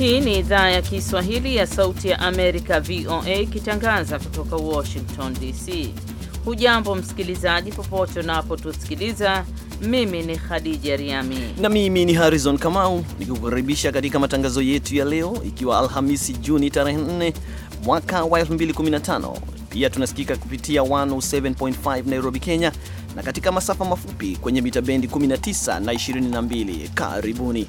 Hii ni idhaa ya Kiswahili ya Sauti ya Amerika, VOA, ikitangaza kutoka Washington DC. Hujambo msikilizaji, popote unapotusikiliza. Mimi ni Khadija Riami na mimi ni Harrison Kamau nikikukaribisha katika matangazo yetu ya leo, ikiwa Alhamisi Juni tarehe 4 mwaka wa 2015. Pia tunasikika kupitia 107.5 Nairobi, Kenya, na katika masafa mafupi kwenye mita bendi 19 na 22. Karibuni.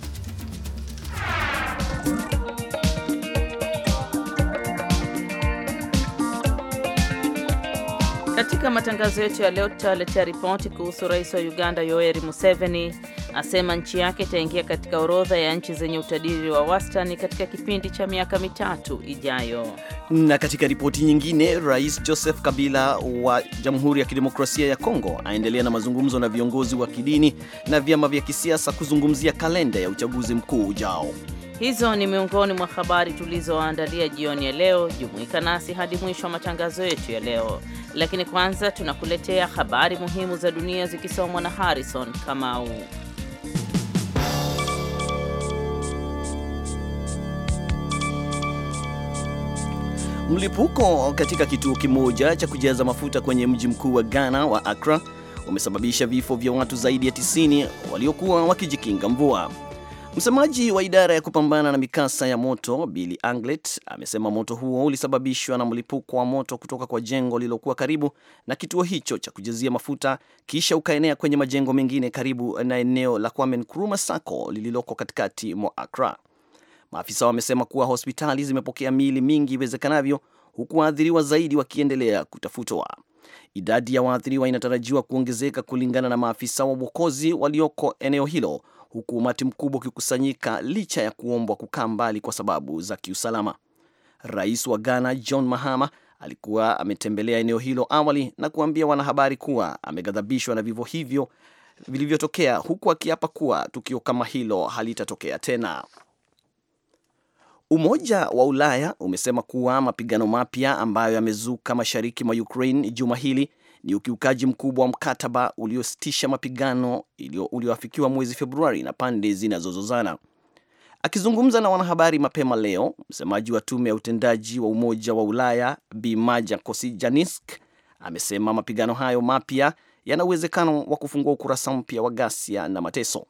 Katika matangazo yetu ya leo tutawaletea ripoti kuhusu rais wa Uganda Yoweri Museveni asema nchi yake itaingia katika orodha ya nchi zenye utajiri wa wastani katika kipindi cha miaka mitatu ijayo. Na katika ripoti nyingine, Rais Joseph Kabila wa Jamhuri ya Kidemokrasia ya Kongo aendelea na mazungumzo na viongozi wa kidini na vyama vya kisiasa kuzungumzia kalenda ya uchaguzi mkuu ujao. Hizo ni miongoni mwa habari tulizoandalia jioni ya leo. Jumuika nasi hadi mwisho wa matangazo yetu ya leo, lakini kwanza tunakuletea habari muhimu za dunia zikisomwa na Harrison Kamau. Mlipuko katika kituo kimoja cha kujaza mafuta kwenye mji mkuu wa Ghana wa Accra umesababisha vifo vya watu zaidi ya 90 waliokuwa wakijikinga mvua. Msemaji wa idara ya kupambana na mikasa ya moto Billy Anglet amesema moto huo ulisababishwa na mlipuko wa moto kutoka kwa jengo lililokuwa karibu na kituo hicho cha kujazia mafuta, kisha ukaenea kwenye majengo mengine karibu na eneo la Kwame Nkrumah Sacco lililoko katikati mwa Accra. Maafisa wamesema kuwa hospitali zimepokea miili mingi iwezekanavyo, huku waathiriwa zaidi wakiendelea kutafutwa. Idadi ya waathiriwa inatarajiwa kuongezeka kulingana na maafisa wa uokozi walioko eneo hilo huku umati mkubwa ukikusanyika licha ya kuombwa kukaa mbali kwa sababu za kiusalama. Rais wa Ghana John Mahama alikuwa ametembelea eneo hilo awali na kuambia wanahabari kuwa ameghadhabishwa na vivyo hivyo vilivyotokea, huku akiapa kuwa tukio kama hilo halitatokea tena. Umoja wa Ulaya umesema kuwa mapigano mapya ambayo yamezuka mashariki mwa Ukraine juma hili ni ukiukaji mkubwa wa mkataba uliositisha mapigano ulioafikiwa mwezi Februari na pande zinazozozana. Akizungumza na wanahabari mapema leo, msemaji wa tume ya utendaji wa Umoja wa Ulaya Bi Maja Kosijanisk amesema mapigano hayo mapya yana uwezekano wa kufungua ukurasa mpya wa ghasia na mateso.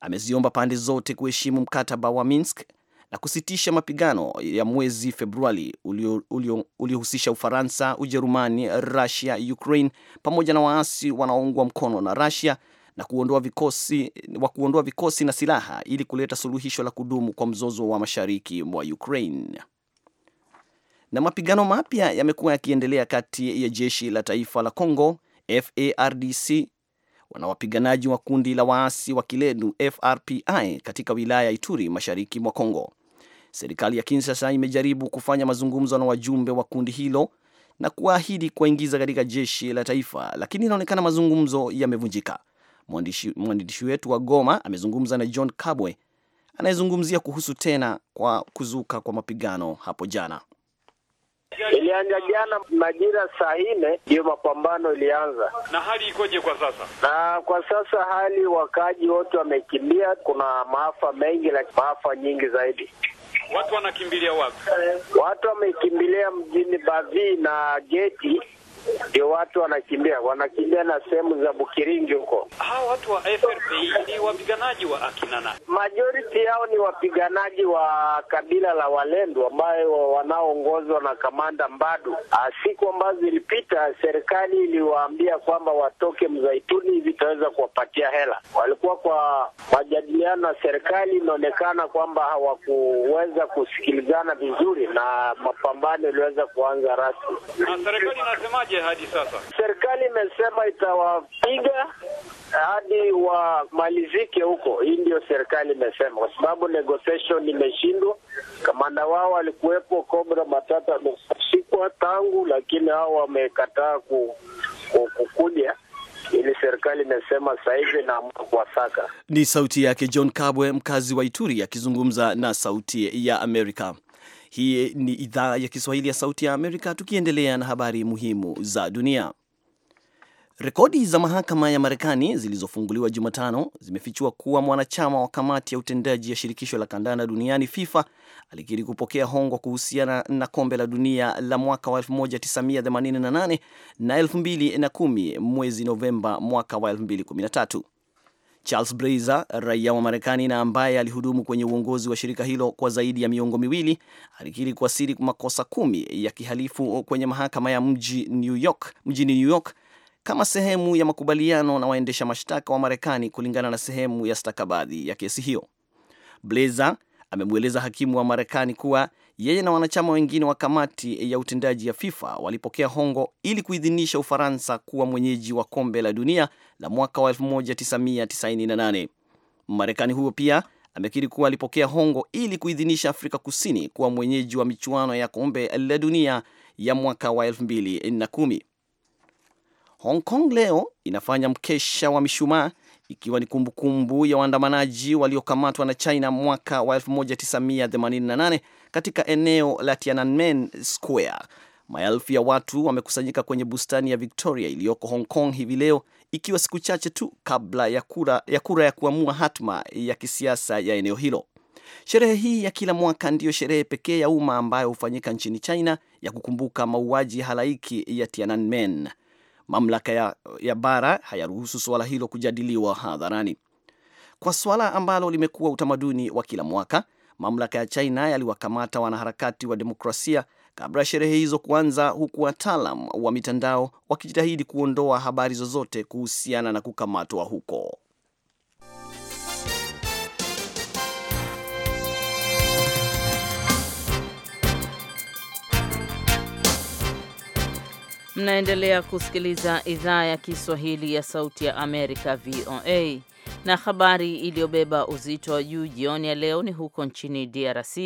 Ameziomba pande zote kuheshimu mkataba wa Minsk na kusitisha mapigano ya mwezi Februari uliohusisha Ufaransa, Ujerumani, Rusia, Ukraine pamoja na waasi wanaoungwa mkono na Rusia na kuondoa vikosi, wa kuondoa vikosi na silaha ili kuleta suluhisho la kudumu kwa mzozo wa mashariki mwa Ukraine. Na mapigano mapya yamekuwa yakiendelea kati ya jeshi la taifa la Congo FARDC wana wapiganaji wa kundi la waasi wa kiledu FRPI katika wilaya ya Ituri mashariki mwa Kongo. Serikali ya Kinshasa imejaribu kufanya mazungumzo na wajumbe wa kundi hilo na kuahidi kuwaingiza katika jeshi la taifa, lakini inaonekana mazungumzo yamevunjika. Mwandishi wetu wa Goma amezungumza na John Kabwe anayezungumzia kuhusu tena kwa kuzuka kwa mapigano hapo jana. Ilianza jana majira saa nne ndiyo mapambano ilianza. Na hali ikoje kwa sasa? Na kwa sasa hali, wakaaji wote wamekimbia. Kuna maafa mengi, lakini maafa nyingi zaidi. Watu wanakimbilia wapi? Watu wamekimbilia mjini Bavi na Geti ndio watu wanakimbia, wanakimbia na sehemu za Bukiringi huko. Hao watu wa FRPI ni wapiganaji wa akinana, majority yao ni wapiganaji wa kabila la Walendu ambayo wanaoongozwa na kamanda Mbadu. Ah, siku ambazo zilipita, serikali iliwaambia kwamba watoke Mzaituni hivi itaweza kuwapatia hela. Walikuwa kwa majadiliano na serikali, inaonekana kwamba hawakuweza kusikilizana vizuri na mapambano iliweza kuanza rasmi. Na serikali inasemaje? ikoje hadi sasa? Serikali imesema itawapiga hadi wamalizike huko. Hii ndio serikali imesema, kwa sababu negotiation imeshindwa. Kamanda wao alikuwepo Kobra Matata, ameshikwa tangu, lakini hao wamekataa kukuja ili serikali imesema sasa hivi na kuwasaka. Ni sauti yake John Kabwe, mkazi wa Ituri, akizungumza na Sauti ya Amerika. Hii ni idhaa ya Kiswahili ya Sauti ya Amerika, tukiendelea na habari muhimu za dunia. Rekodi za mahakama ya Marekani zilizofunguliwa Jumatano zimefichua kuwa mwanachama wa kamati ya utendaji ya shirikisho la kandanda duniani FIFA alikiri kupokea hongo kuhusiana na kombe la dunia la mwaka wa 1988 na 2010 mwezi Novemba mwaka wa 2013. Charles Blazer, raia wa Marekani na ambaye alihudumu kwenye uongozi wa shirika hilo kwa zaidi ya miongo miwili, alikiri kwa siri makosa kumi ya kihalifu kwenye mahakama ya mji New York, mjini New York kama sehemu ya makubaliano na waendesha mashtaka wa Marekani, kulingana na sehemu ya stakabadhi ya kesi hiyo. Blazer amemweleza hakimu wa Marekani kuwa yeye na wanachama wengine wa kamati ya utendaji ya FIFA walipokea hongo ili kuidhinisha Ufaransa kuwa mwenyeji wa kombe la dunia la mwaka wa 1998. Marekani huyo pia amekiri kuwa alipokea hongo ili kuidhinisha Afrika Kusini kuwa mwenyeji wa michuano ya kombe la dunia ya mwaka wa 2010. Hong Kong leo inafanya mkesha wa mishumaa ikiwa ni kumbukumbu kumbu ya waandamanaji waliokamatwa na China mwaka wa 1988 katika eneo la Tiananmen Square. Maelfu ya watu wamekusanyika kwenye bustani ya Victoria iliyoko Hong Kong hivi leo, ikiwa siku chache tu kabla ya kura ya, kura ya kuamua hatma ya kisiasa ya eneo hilo. Sherehe hii ya kila mwaka ndiyo sherehe pekee ya umma ambayo hufanyika nchini China ya kukumbuka mauaji halaiki ya Tiananmen. Mamlaka ya, ya bara hayaruhusu suala hilo kujadiliwa hadharani. Kwa suala ambalo limekuwa utamaduni wa kila mwaka, mamlaka ya China yaliwakamata wanaharakati wa demokrasia kabla ya sherehe hizo kuanza, huku wataalam wa mitandao wakijitahidi kuondoa habari zozote kuhusiana na kukamatwa huko. Mnaendelea kusikiliza idhaa ya Kiswahili ya Sauti ya Amerika, VOA. Na habari iliyobeba uzito wa juu jioni ya leo ni huko nchini DRC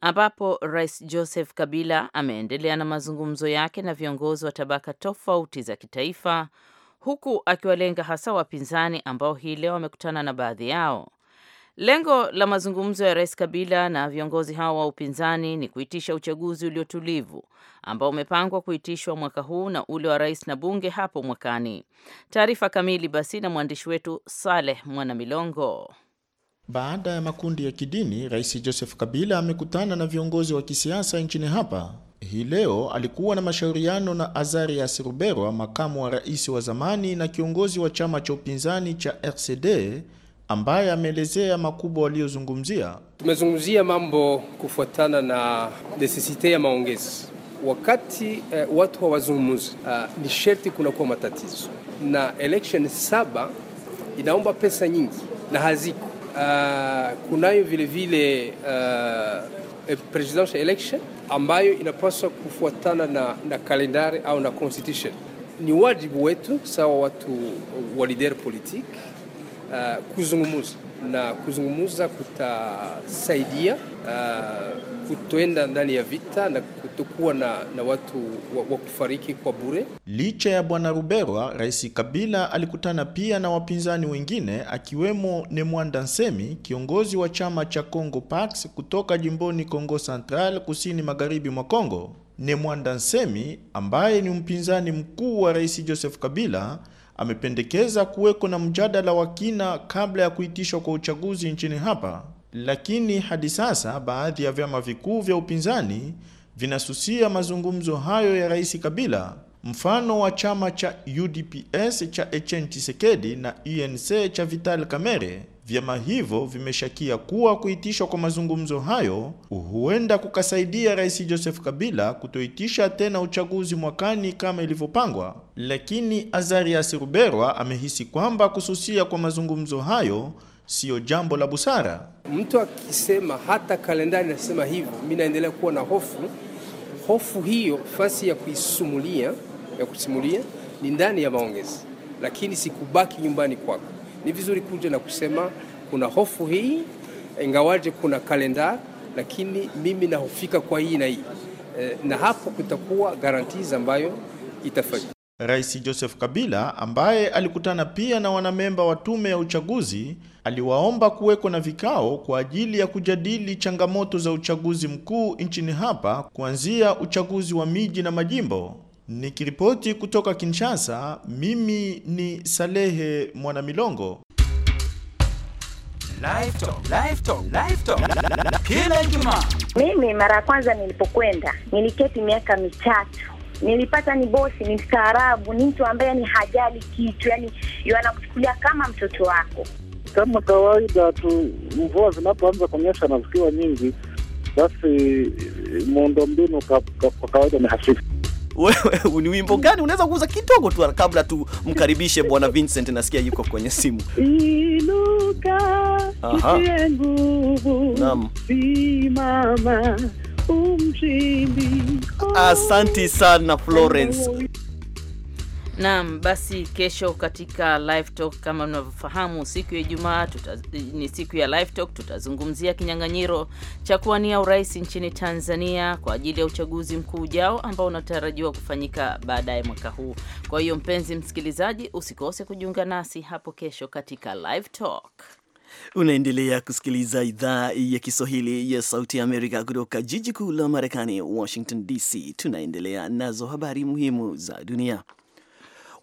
ambapo Rais Joseph Kabila ameendelea na mazungumzo yake na viongozi wa tabaka tofauti za kitaifa huku akiwalenga hasa wapinzani ambao hii leo wamekutana na baadhi yao. Lengo la mazungumzo ya Rais Kabila na viongozi hao wa upinzani ni kuitisha uchaguzi uliotulivu ambao umepangwa kuitishwa mwaka huu na ule wa rais na bunge hapo mwakani. Taarifa kamili basi na mwandishi wetu Saleh Mwanamilongo. Baada ya makundi ya kidini, Rais Joseph Kabila amekutana na viongozi wa kisiasa nchini hapa. Hii leo alikuwa na mashauriano na Azarias Ruberwa, makamu wa rais wa zamani na kiongozi wa chama cha upinzani cha RCD ambaye ameelezea makubwa waliyozungumzia. Tumezungumzia mambo kufuatana na nesesite ya maongezi. Wakati eh, watu hawazungumzi uh, eh, ni sherti kunakuwa matatizo, na election saba inaomba pesa nyingi na haziko uh, kunayo vilevile uh, eh, presidential election ambayo inapaswa kufuatana na, na kalendari au na constitution. Ni wajibu wetu sawa watu wa lider politique Uh, kuzungumuza na kuzungumuza kutasaidia uh, kutoenda ndani ya vita na kutokuwa na, na watu wa, wa kufariki kwa bure. Licha ya bwana Ruberwa, Rais Kabila alikutana pia na wapinzani wengine akiwemo Nemwanda Nsemi, kiongozi wa chama cha Congo Pax kutoka jimboni Congo Central kusini magharibi mwa Congo. Nemwanda Nsemi ambaye ni mpinzani mkuu wa Rais Joseph Kabila amependekeza kuweko na mjadala wa kina kabla ya kuitishwa kwa uchaguzi nchini hapa, lakini hadi sasa baadhi ya vyama vikuu vya upinzani vinasusia mazungumzo hayo ya Rais Kabila, mfano wa chama cha UDPS cha Etienne Tshisekedi na UNC e cha Vital Kamerhe Vyama hivyo vimeshakia kuwa kuitishwa kwa mazungumzo hayo huenda kukasaidia Rais Joseph Kabila kutoitisha tena uchaguzi mwakani kama ilivyopangwa, lakini Azarias Ruberwa amehisi kwamba kususia kwa mazungumzo hayo siyo jambo la busara. Mtu akisema hata kalendari nasema hivyo, mimi naendelea kuwa na hofu. Hofu hiyo fasi ya kuisumulia ya kusimulia ni ndani ya maongezi, lakini sikubaki nyumbani kwako. Ni vizuri kuja na kusema kuna hofu hii, ingawaje kuna kalenda, lakini mimi nahofika kwa hii na hii e, na hapo kutakuwa garantiz ambayo itafanya. Rais Joseph Kabila ambaye alikutana pia na wanamemba wa tume ya uchaguzi aliwaomba kuweko na vikao kwa ajili ya kujadili changamoto za uchaguzi mkuu nchini hapa kuanzia uchaguzi wa miji na majimbo Nikiripoti kutoka Kinshasa, mimi ni Salehe Mwanamilongo. Live talk, live live Kila Ijumaa. Mimi mara ya kwanza nilipokwenda niliketi miaka mitatu nilipata ni bosi, ni mstaarabu, ni mtu ambaye ni hajali kitu, yani anakuchukulia kama mtoto wako. Kama kawaida tu, mvua zinapoanza kunyesha na zikiwa nyingi, basi eh, muundombinu kwa kawaida ni hafifu wewe ni wimbo gani unaweza kuuza kidogo tu, kabla tumkaribishe bwana Vincent, nasikia yuko kwenye simu. Naam. Asanti sana Florence. Naam, basi kesho katika live talk kama mnavyofahamu, siku ya Ijumaa ni siku ya live talk, tutazungumzia kinyang'anyiro cha kuwania urais nchini Tanzania kwa ajili ya uchaguzi mkuu ujao ambao unatarajiwa kufanyika baadaye mwaka huu. Kwa hiyo mpenzi msikilizaji, usikose kujiunga nasi hapo kesho katika live talk. Unaendelea kusikiliza idhaa ya Kiswahili ya Sauti ya Amerika kutoka jiji kuu la Marekani, Washington DC. Tunaendelea nazo habari muhimu za dunia.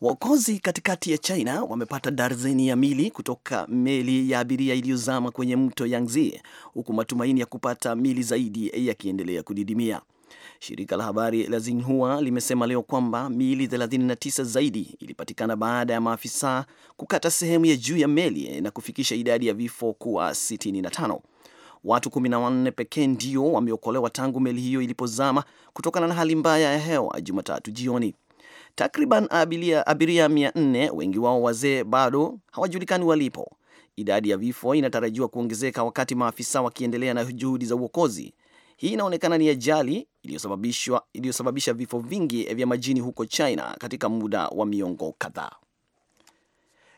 Waokozi katikati ya China wamepata darzeni ya mili kutoka meli ya abiria iliyozama kwenye mto yangzi huku matumaini ya kupata mili zaidi yakiendelea kudidimia. Shirika la habari la Xinhua limesema leo kwamba miili 39 zaidi ilipatikana baada ya maafisa kukata sehemu ya juu ya meli na kufikisha idadi ya vifo kuwa 65. Watu 14 pekee ndio wameokolewa tangu meli hiyo ilipozama kutokana na hali mbaya ya hewa Jumatatu jioni. Takriban abiria, abiria 400 wengi wao wazee, bado hawajulikani walipo. Idadi ya vifo inatarajiwa kuongezeka wakati maafisa wakiendelea na juhudi za uokozi. Hii inaonekana ni ajali iliyosababisha vifo vingi vya majini huko China katika muda wa miongo kadhaa.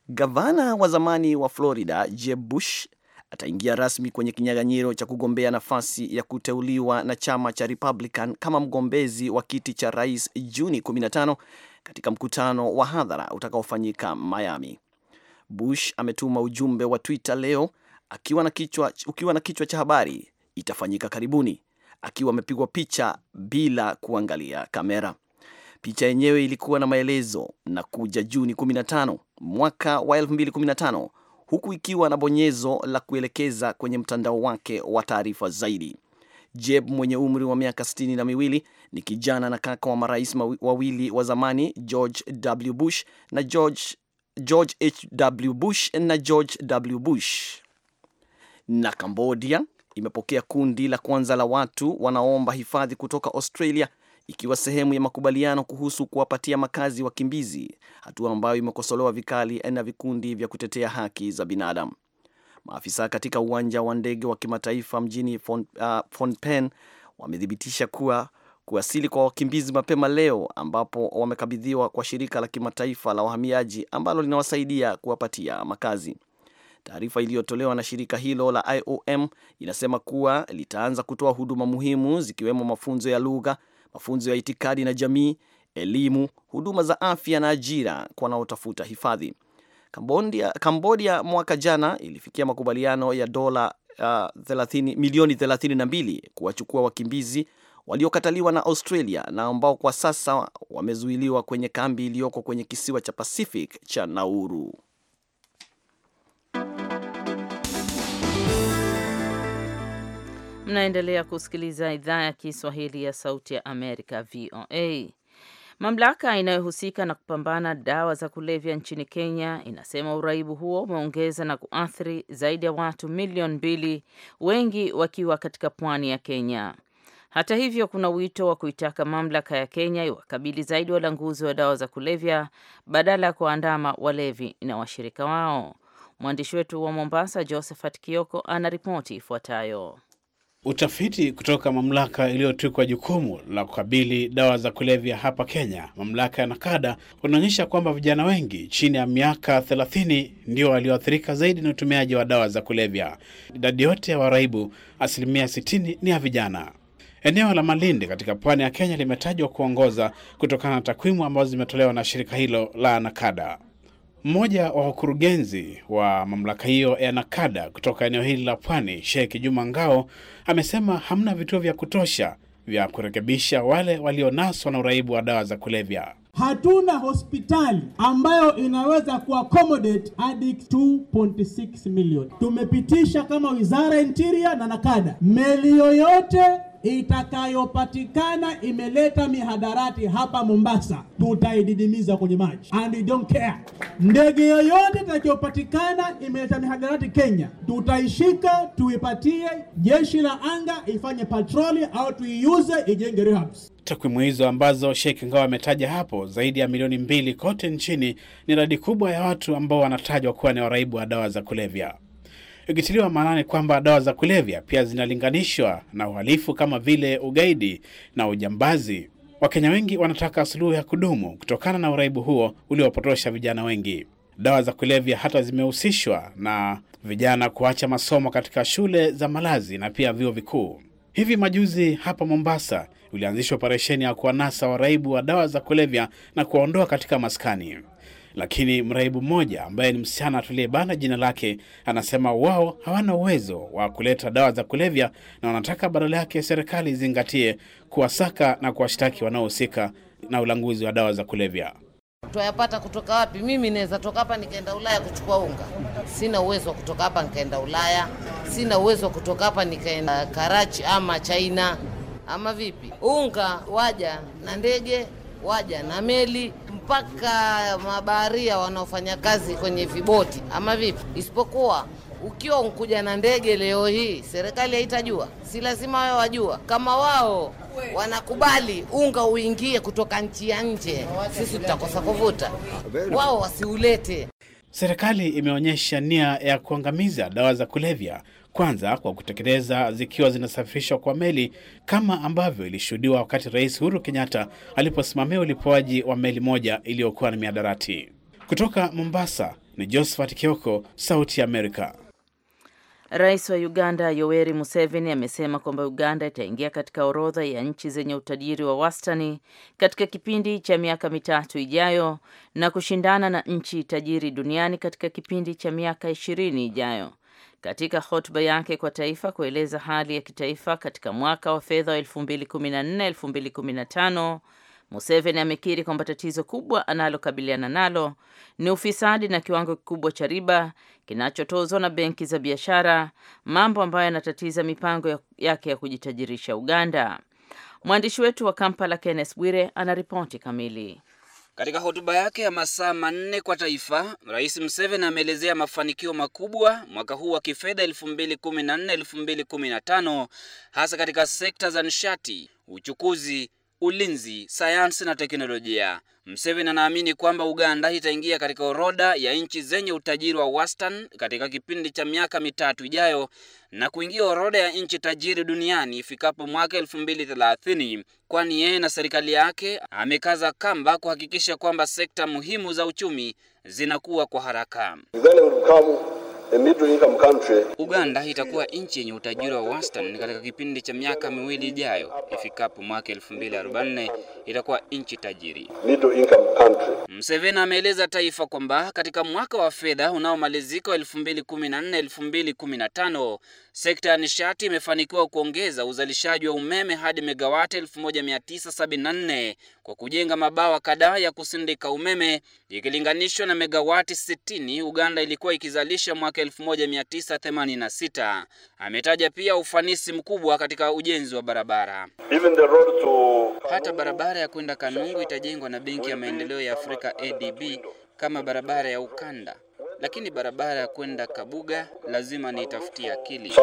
Gavana wa zamani wa Florida Jeb Bush ataingia rasmi kwenye kinyang'anyiro cha kugombea nafasi ya kuteuliwa na chama cha Republican kama mgombezi wa kiti cha rais Juni 15 katika mkutano wa hadhara utakaofanyika Miami. Bush ametuma ujumbe wa Twitter leo akiwa na kichwa, ukiwa na kichwa cha habari itafanyika karibuni, akiwa amepigwa picha bila kuangalia kamera. Picha yenyewe ilikuwa na maelezo na kuja Juni 15 mwaka wa 2015 huku ikiwa na bonyezo la kuelekeza kwenye mtandao wake wa taarifa zaidi. Jeb mwenye umri wa miaka sitini na miwili ni kijana na kaka wa marais wawili wa zamani George W. Bush na George, George H. W. Bush na George W. Bush. Na Cambodia imepokea kundi la kwanza la watu wanaoomba hifadhi kutoka Australia ikiwa sehemu ya makubaliano kuhusu kuwapatia makazi wakimbizi, hatua ambayo imekosolewa vikali na vikundi vya kutetea haki za binadamu. Maafisa katika uwanja wa ndege wa kimataifa mjini Phnom uh, Penh wamethibitisha kuwa kuwasili kwa wakimbizi mapema leo, ambapo wamekabidhiwa kwa shirika la kimataifa la wahamiaji ambalo linawasaidia kuwapatia makazi. Taarifa iliyotolewa na shirika hilo la IOM inasema kuwa litaanza kutoa huduma muhimu zikiwemo mafunzo ya lugha, mafunzo ya itikadi na jamii, elimu, huduma za afya na ajira kwa wanaotafuta hifadhi. kambodia mwaka jana ilifikia makubaliano ya dola uh, 30, milioni 32 kuwachukua wakimbizi waliokataliwa na Australia na ambao kwa sasa wamezuiliwa kwenye kambi iliyoko kwenye kisiwa cha Pacific cha Nauru. Mnaendelea kusikiliza idhaa ya Kiswahili ya Sauti ya Amerika, VOA. Mamlaka inayohusika na kupambana dawa za kulevya nchini Kenya inasema uraibu huo umeongeza na kuathiri zaidi ya watu milioni mbili, wengi wakiwa katika pwani ya Kenya. Hata hivyo, kuna wito wa kuitaka mamlaka ya Kenya iwakabili zaidi walanguzi wa dawa za kulevya badala ya kuandama walevi na washirika wao. Mwandishi wetu wa Mombasa, Josephat Kioko, ana ripoti ifuatayo. Utafiti kutoka mamlaka iliyotwikwa jukumu la kukabili dawa za kulevya hapa Kenya, mamlaka ya NACADA, unaonyesha kwamba vijana wengi chini ya miaka 30 ndio walioathirika zaidi na utumiaji wa dawa za kulevya. Idadi yote ya waraibu, asilimia 60 ni ya vijana. Eneo la Malindi katika pwani ya Kenya limetajwa kuongoza kutokana na takwimu ambazo zimetolewa na shirika hilo la NACADA. Mmoja wa wakurugenzi wa mamlaka hiyo ya nakada kutoka eneo hili la Pwani, Sheikh Juma Ngao, amesema hamna vituo vya kutosha vya kurekebisha wale walionaswa na uraibu wa dawa za kulevya. Hatuna hospitali ambayo inaweza kuaccommodate 2.6 million. Tumepitisha kama wizara ya interior na nakada meli yoyote itakayopatikana imeleta mihadarati hapa Mombasa, tutaididimiza kwenye maji and we don't care. Ndege yoyote itakayopatikana imeleta mihadarati Kenya, tutaishika tuipatie jeshi la anga ifanye patroli au tuiuze ijenge rehabs. Takwimu hizo ambazo Sheikh Ngawa ametaja hapo, zaidi ya milioni mbili kote nchini, ni idadi kubwa ya watu ambao wanatajwa kuwa ni waraibu wa dawa za kulevya ikitiliwa maanani kwamba dawa za kulevya pia zinalinganishwa na uhalifu kama vile ugaidi na ujambazi. Wakenya wengi wanataka suluhu ya kudumu kutokana na uraibu huo uliopotosha vijana wengi. Dawa za kulevya hata zimehusishwa na vijana kuacha masomo katika shule za malazi na pia vyuo vikuu. Hivi majuzi hapa Mombasa ulianzishwa operesheni ya kuwanasa waraibu wa dawa za kulevya na kuwaondoa katika maskani. Lakini mraibu mmoja ambaye ni msichana atuliyebana jina lake anasema wao hawana uwezo wa kuleta dawa za kulevya na wanataka badala yake serikali izingatie kuwasaka na kuwashtaki wanaohusika na ulanguzi wa dawa za kulevya. Twayapata kutoka wapi? Mimi naweza toka hapa nikaenda Ulaya kuchukua unga. Sina uwezo wa kutoka hapa nikaenda Ulaya, sina uwezo wa kutoka hapa nikaenda Karachi ama China ama vipi? Unga waja na ndege waja na meli mpaka mabaharia wanaofanya kazi kwenye viboti ama vipi? Isipokuwa ukiwa unkuja na ndege leo hii, serikali haitajua, si lazima wao wajua. Kama wao wanakubali unga uingie kutoka nchi ya nje, sisi tutakosa kuvuta, wao wasiulete. Serikali imeonyesha nia ya kuangamiza dawa za kulevya kwanza kwa kutekeleza zikiwa zinasafirishwa kwa meli kama ambavyo ilishuhudiwa wakati Rais Uhuru Kenyatta aliposimamia ulipoaji wa meli moja iliyokuwa na miadarati. Kutoka Mombasa ni Josephat Kioko, Sauti ya Amerika. Rais wa Uganda Yoweri Museveni amesema kwamba Uganda itaingia katika orodha ya nchi zenye utajiri wa wastani katika kipindi cha miaka mitatu ijayo na kushindana na nchi tajiri duniani katika kipindi cha miaka ishirini ijayo katika hotuba yake kwa taifa kueleza hali ya kitaifa katika mwaka wa fedha wa 2014-2015, Museveni amekiri kwamba tatizo kubwa analokabiliana nalo ni ufisadi na kiwango kikubwa cha riba kinachotozwa na benki za biashara, mambo ambayo yanatatiza mipango yake ya kujitajirisha Uganda. Mwandishi wetu wa Kampala Kenneth Bwire ana ripoti kamili. Katika hotuba yake ya masaa manne kwa taifa, Rais Museveni ameelezea mafanikio makubwa mwaka huu wa kifedha 2014-2015 hasa katika sekta za nishati, uchukuzi ulinzi, sayansi na teknolojia. Museveni anaamini kwamba Uganda itaingia katika orodha ya nchi zenye utajiri wa wastani katika kipindi cha miaka mitatu ijayo na kuingia orodha ya nchi tajiri duniani ifikapo mwaka 2030, kwani yeye na serikali yake amekaza kamba kuhakikisha kwamba sekta muhimu za uchumi zinakuwa kwa haraka. Uganda itakuwa nchi yenye utajiri wa wastani katika kipindi cha miaka miwili ijayo. Ifikapo mwaka 2044 itakuwa nchi tajiri. Mseveni ameeleza taifa kwamba katika mwaka wa fedha unaomalizika 2014 2015 sekta ya nishati imefanikiwa kuongeza uzalishaji wa umeme hadi megawati 1974 kwa kujenga mabawa kadhaa ya kusindika umeme ikilinganishwa na megawati 60 Uganda ilikuwa ikizalisha mwaka mwaka 1986. Ametaja pia ufanisi mkubwa katika ujenzi wa barabara to... hata barabara ya kwenda Kanungu itajengwa na Benki ya Maendeleo ya Afrika ADB kama barabara ya ukanda lakini barabara ya kwenda Kabuga lazima niitafutie akili.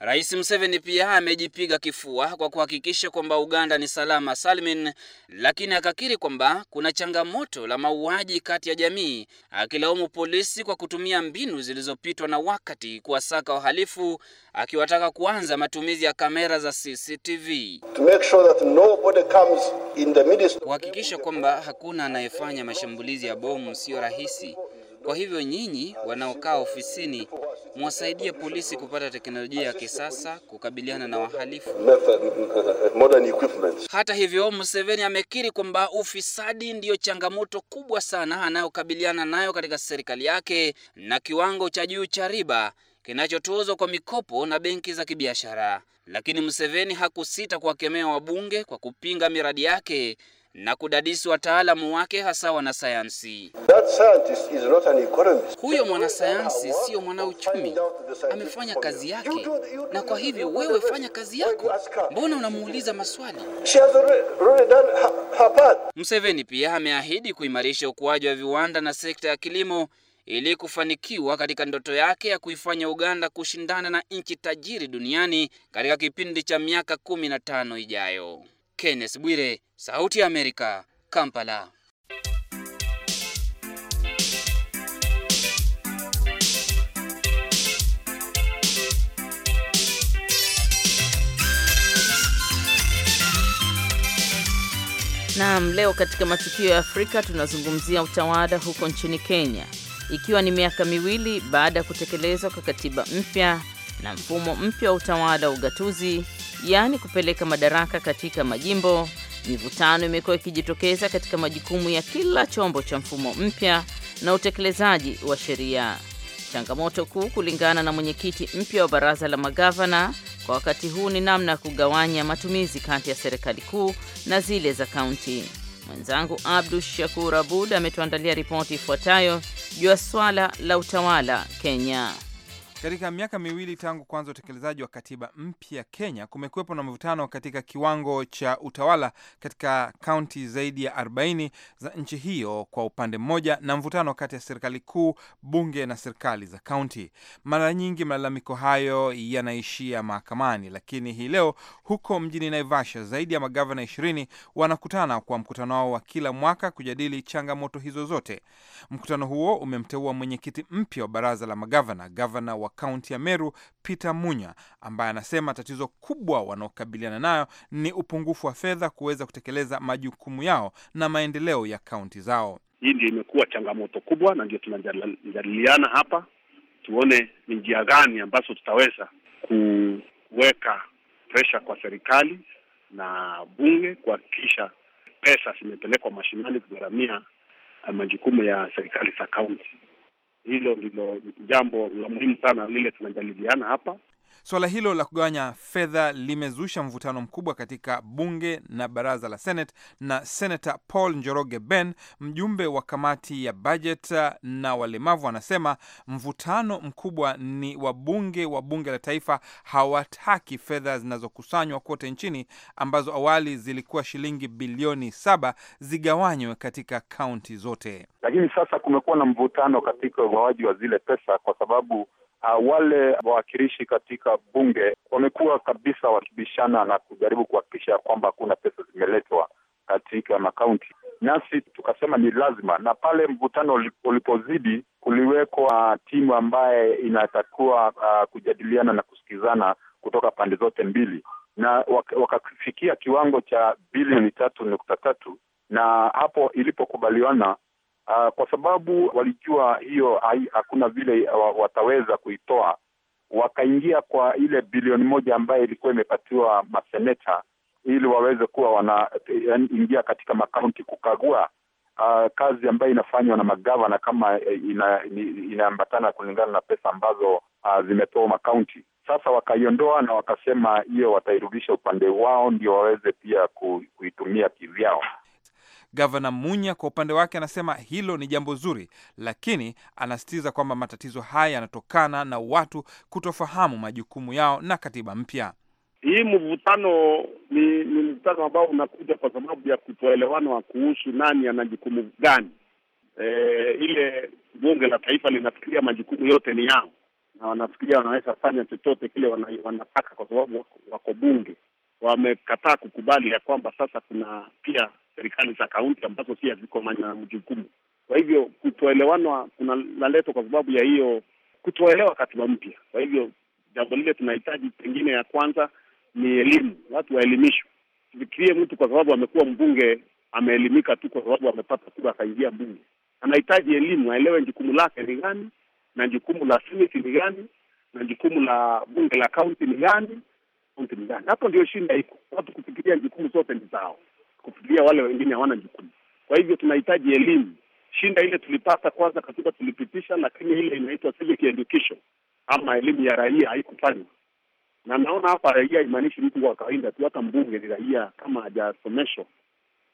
Rais Museveni pia amejipiga kifua kwa kuhakikisha kwamba Uganda ni salama salmin, lakini akakiri kwamba kuna changamoto la mauaji kati ya jamii, akilaumu polisi kwa kutumia mbinu zilizopitwa na wakati kuwasaka wahalifu, akiwataka kuanza matumizi ya kamera za CCTV kuhakikisha kwamba hakuna anayefanya mashambulizi ya bomu. Sio rahisi, kwa hivyo nyinyi wanaokaa ofisini mwasaidie polisi kupata teknolojia ya kisasa kukabiliana na wahalifu. Uh, Hata hivyo, Museveni amekiri kwamba ufisadi ndiyo changamoto kubwa sana anayokabiliana nayo katika serikali yake na kiwango cha juu cha riba kinachotozwa kwa mikopo na benki za kibiashara. Lakini Museveni hakusita kuwakemea wabunge kwa kupinga miradi yake na kudadisi wataalamu wake hasa wanasayansi. Huyo mwanasayansi siyo mwanauchumi, amefanya kazi yake you do, you do, na kwa hivyo wewe fanya kazi yako, mbona unamuuliza maswali? Museveni pia ameahidi kuimarisha ukuaji wa viwanda na sekta ya kilimo ili kufanikiwa katika ndoto yake ya kuifanya Uganda kushindana na nchi tajiri duniani katika kipindi cha miaka kumi na tano ijayo. Kenneth Bwire, Sauti ya Amerika, Kampala. Naam, leo katika matukio ya Afrika tunazungumzia utawala huko nchini Kenya, ikiwa ni miaka miwili baada ya kutekelezwa kwa katiba mpya na mfumo mpya wa utawala wa ugatuzi yaani kupeleka madaraka katika majimbo. Mivutano imekuwa ikijitokeza katika majukumu ya kila chombo cha mfumo mpya na utekelezaji wa sheria. Changamoto kuu, kulingana na mwenyekiti mpya wa baraza la magavana kwa wakati huu, ni namna ya kugawanya matumizi kati ya serikali kuu na zile za kaunti. Mwenzangu Abdu Shakur Abud ametuandalia ripoti ifuatayo juu ya swala la utawala Kenya. Katika miaka miwili tangu kwanza utekelezaji wa katiba mpya Kenya, kumekuwepo na mvutano katika kiwango cha utawala katika kaunti zaidi ya 40 za nchi hiyo kwa upande mmoja, na mvutano kati ya serikali kuu, bunge na serikali za kaunti. Mara nyingi malalamiko hayo yanaishia mahakamani, lakini hii leo huko mjini Naivasha, zaidi ya magavana 20 wanakutana kwa mkutano wao wa kila mwaka kujadili changamoto hizo zote. Mkutano huo umemteua mwenyekiti mpya wa baraza la magavana, gavana wa wa kaunti ya Meru Peter Munya, ambaye anasema tatizo kubwa wanaokabiliana nayo ni upungufu wa fedha kuweza kutekeleza majukumu yao na maendeleo ya kaunti zao. Hii ndio imekuwa changamoto kubwa, na ndio tunajadiliana hapa, tuone ni njia gani ambazo tutaweza kuweka presha kwa serikali na bunge kuhakikisha pesa zimepelekwa mashinani kugharamia eh, majukumu ya serikali za kaunti. Hilo ndilo jambo la muhimu sana lile tunajadiliana hapa, Suala hilo la kugawanya fedha limezusha mvutano mkubwa katika bunge na baraza la Senate, na Senata Paul Njoroge Ben, mjumbe wa kamati ya bajet na walemavu, anasema mvutano mkubwa ni wabunge wa bunge la taifa hawataki fedha zinazokusanywa kote nchini ambazo awali zilikuwa shilingi bilioni saba zigawanywe katika kaunti zote, lakini sasa kumekuwa na mvutano katika ugawaji wa zile pesa kwa sababu Uh, wale wawakilishi katika bunge wamekuwa kabisa wakibishana na kujaribu kuhakikisha ya kwamba hakuna pesa zimeletwa katika makaunti, nasi tukasema ni lazima. Na pale mvutano ulipozidi, kuliwekwa timu ambaye inatakiwa uh, kujadiliana na kusikizana kutoka pande zote mbili, na wakafikia kiwango cha bilioni tatu nukta tatu na hapo ilipokubaliwana uh, kwa sababu walijua hiyo hakuna vile wataweza kuitoa, wakaingia kwa ile bilioni moja ambayo ilikuwa imepatiwa maseneta ili waweze kuwa wanaingia katika makaunti kukagua uh, kazi ambayo inafanywa na magavana kama eh, inaambatana ina kulingana na pesa ambazo uh, zimetoa makaunti. Sasa wakaiondoa na wakasema hiyo watairudisha upande wao, ndio waweze pia kuitumia kivyao. Gavana Munya kwa upande wake anasema hilo ni jambo zuri, lakini anasisitiza kwamba matatizo haya yanatokana na watu kutofahamu majukumu yao na katiba mpya. Hii mvutano ni, ni mvutano ambao unakuja kwa sababu ya kutoelewana wa kuhusu nani ana jukumu gani. E, ile bunge la taifa linafikiria majukumu yote ni yao na wanafikiria wanaweza fanya chochote kile wana, wanataka kwa sababu wako, wako bunge wamekataa kukubali ya kwamba sasa kuna pia serikali za kaunti ambazo si ziko na mjukumu. Kwa hivyo kutoelewana kunaletwa kwa sababu ya hiyo kutoelewa katiba mpya. Kwa hivyo jambo lile tunahitaji pengine ya kwanza ni elimu, watu waelimishwe. Sifikirie mtu kwa sababu amekuwa mbunge ameelimika tu kwa sababu amepata kura akaingia bunge. Anahitaji elimu, aelewe jukumu lake ni gani na jukumu la seneti ni gani na jukumu la bunge la kaunti ni gani, kaunti ni gani. Hapo ndio shinda iko, watu kufikiria jukumu zote ni zao kufikiria wale wengine hawana jukumu. Kwa hivyo tunahitaji elimu, shinda ile tulipata kwanza, katiba tulipitisha, lakini ile inaitwa civic education ama elimu ya raia haikufanywa, na naona hapa raia imaanishi mtu wa kawaida tu, hata mbunge ni raia kama hajasomeshwa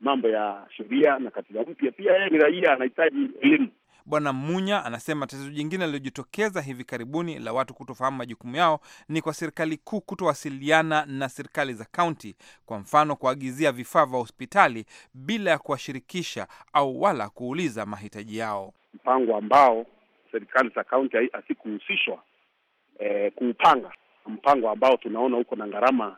mambo ya sheria na katiba mpya. Pia yeye ni raia, anahitaji elimu. Bwana Munya anasema tatizo jingine lililojitokeza hivi karibuni la watu kutofahamu majukumu yao ni kwa serikali kuu kutowasiliana na serikali za kaunti, kwa mfano kuagizia vifaa vya hospitali bila ya kuwashirikisha au wala kuuliza mahitaji yao, mpango ambao serikali za kaunti hazikuhusishwa eh, kuupanga, mpango ambao tunaona huko na gharama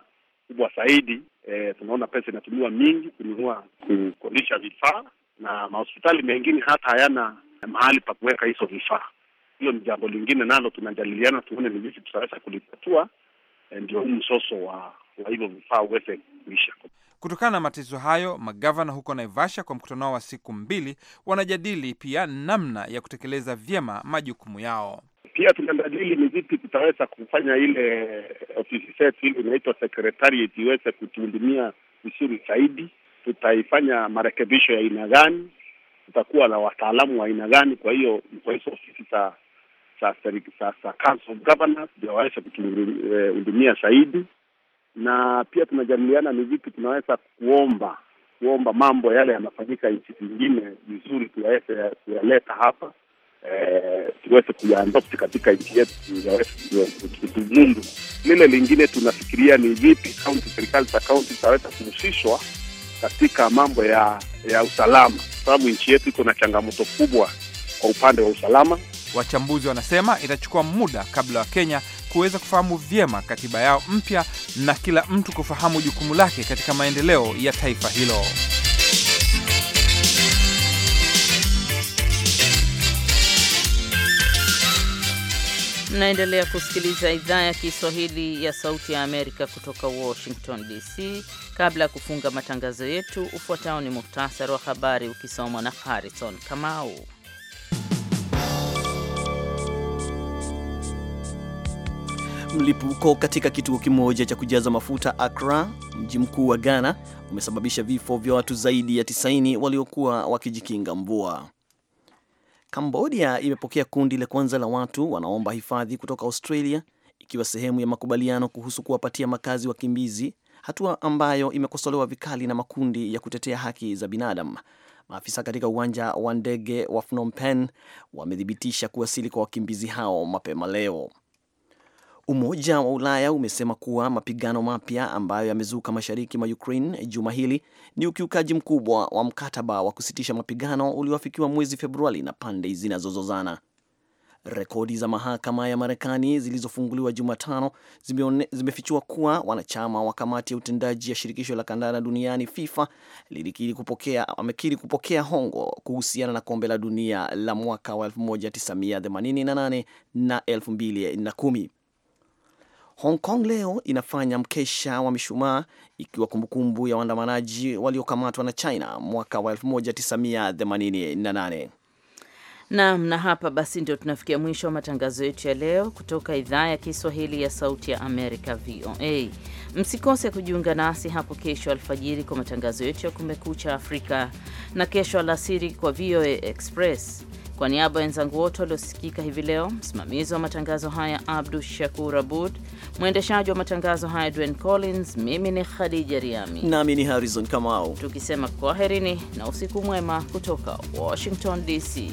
kubwa zaidi. E, tunaona pesa inatumiwa mingi kununua mm. kukodisha vifaa na mahospitali mengine hata hayana mahali pa kuweka hizo vifaa. Hiyo ni jambo lingine nalo tunajadiliana, tuone ni vipi tutaweza kulitatua, eh, ndio huu msoso wa wa hivyo vifaa uweze kuisha. Kutokana na matatizo hayo, magavana huko Naivasha kwa mkutano wao wa siku mbili wanajadili pia namna ya kutekeleza vyema majukumu yao. Pia tunajadili ni vipi tutaweza kufanya ile eh, ofisi zetu ile inaitwa secretariat iweze kutuhudumia vizuri zaidi. Tutaifanya marekebisho ya aina gani? Tutakuwa na wataalamu wa aina gani? Kwa hiyo kwa hizo ofisi za za za council of governors ndio waweze kutuhudumia eh, zaidi, na pia tunajadiliana ni vipi tunaweza kuomba kuomba mambo yale yanafanyika nchi zingine vizuri, tuyaweze kuyaleta hapa. Eh, tuweze kuyaadopti katika nchi yetu kiumundu. Lile lingine tunafikiria ni vipi kaunti, serikali za kaunti zitaweza kuhusishwa katika mambo ya ya usalama, sababu nchi yetu iko na changamoto kubwa kwa upande wa usalama. Wachambuzi wanasema itachukua muda kabla wa kenya kuweza kufahamu vyema katiba yao mpya na kila mtu kufahamu jukumu lake katika maendeleo ya taifa hilo. Mnaendelea kusikiliza idhaa ya Kiswahili ya Sauti ya Amerika kutoka Washington DC. Kabla ya kufunga matangazo yetu, ufuatao ni muhtasari wa habari ukisomwa na Harrison Kamau. Mlipuko katika kituo kimoja cha kujaza mafuta Accra, mji mkuu wa Ghana, umesababisha vifo vya watu zaidi ya 90 waliokuwa wakijikinga mvua. Kambodia imepokea kundi la kwanza la watu wanaomba hifadhi kutoka Australia ikiwa sehemu ya makubaliano kuhusu kuwapatia makazi wakimbizi, hatua ambayo imekosolewa vikali na makundi ya kutetea haki za binadamu. Maafisa katika uwanja wa ndege wa Phnom Penh wamethibitisha kuwasili kwa wakimbizi hao mapema leo. Umoja wa Ulaya umesema kuwa mapigano mapya ambayo yamezuka mashariki mwa Ukraine juma hili ni ukiukaji mkubwa wa mkataba wa kusitisha mapigano ulioafikiwa mwezi Februari na pande zinazozozana. Rekodi za mahakama ya Marekani zilizofunguliwa Jumatano zimefichua kuwa wanachama wa kamati ya utendaji ya shirikisho la kandanda duniani FIFA wamekiri kupokea hongo kuhusiana na kombe la dunia la mwaka wa 1988 na 2010. Hong Kong leo inafanya mkesha wa mishumaa ikiwa kumbukumbu ya waandamanaji waliokamatwa na China mwaka wa 1988. Naam, na hapa basi ndio tunafikia mwisho wa matangazo yetu ya leo kutoka idhaa ya Kiswahili ya Sauti ya Amerika, VOA. Msikose kujiunga nasi hapo kesho alfajiri kwa matangazo yetu ya Kumekucha Afrika na kesho alasiri kwa VOA Express. Kwa niaba ya wenzangu wote waliosikika hivi leo, msimamizi wa matangazo haya Abdu Shakur Abud, Mwendeshaji wa matangazo haya Dwayne Collins, mimi ni Khadija Riami nami ni Harrison Kamau, tukisema kwaherini na usiku mwema kutoka Washington DC.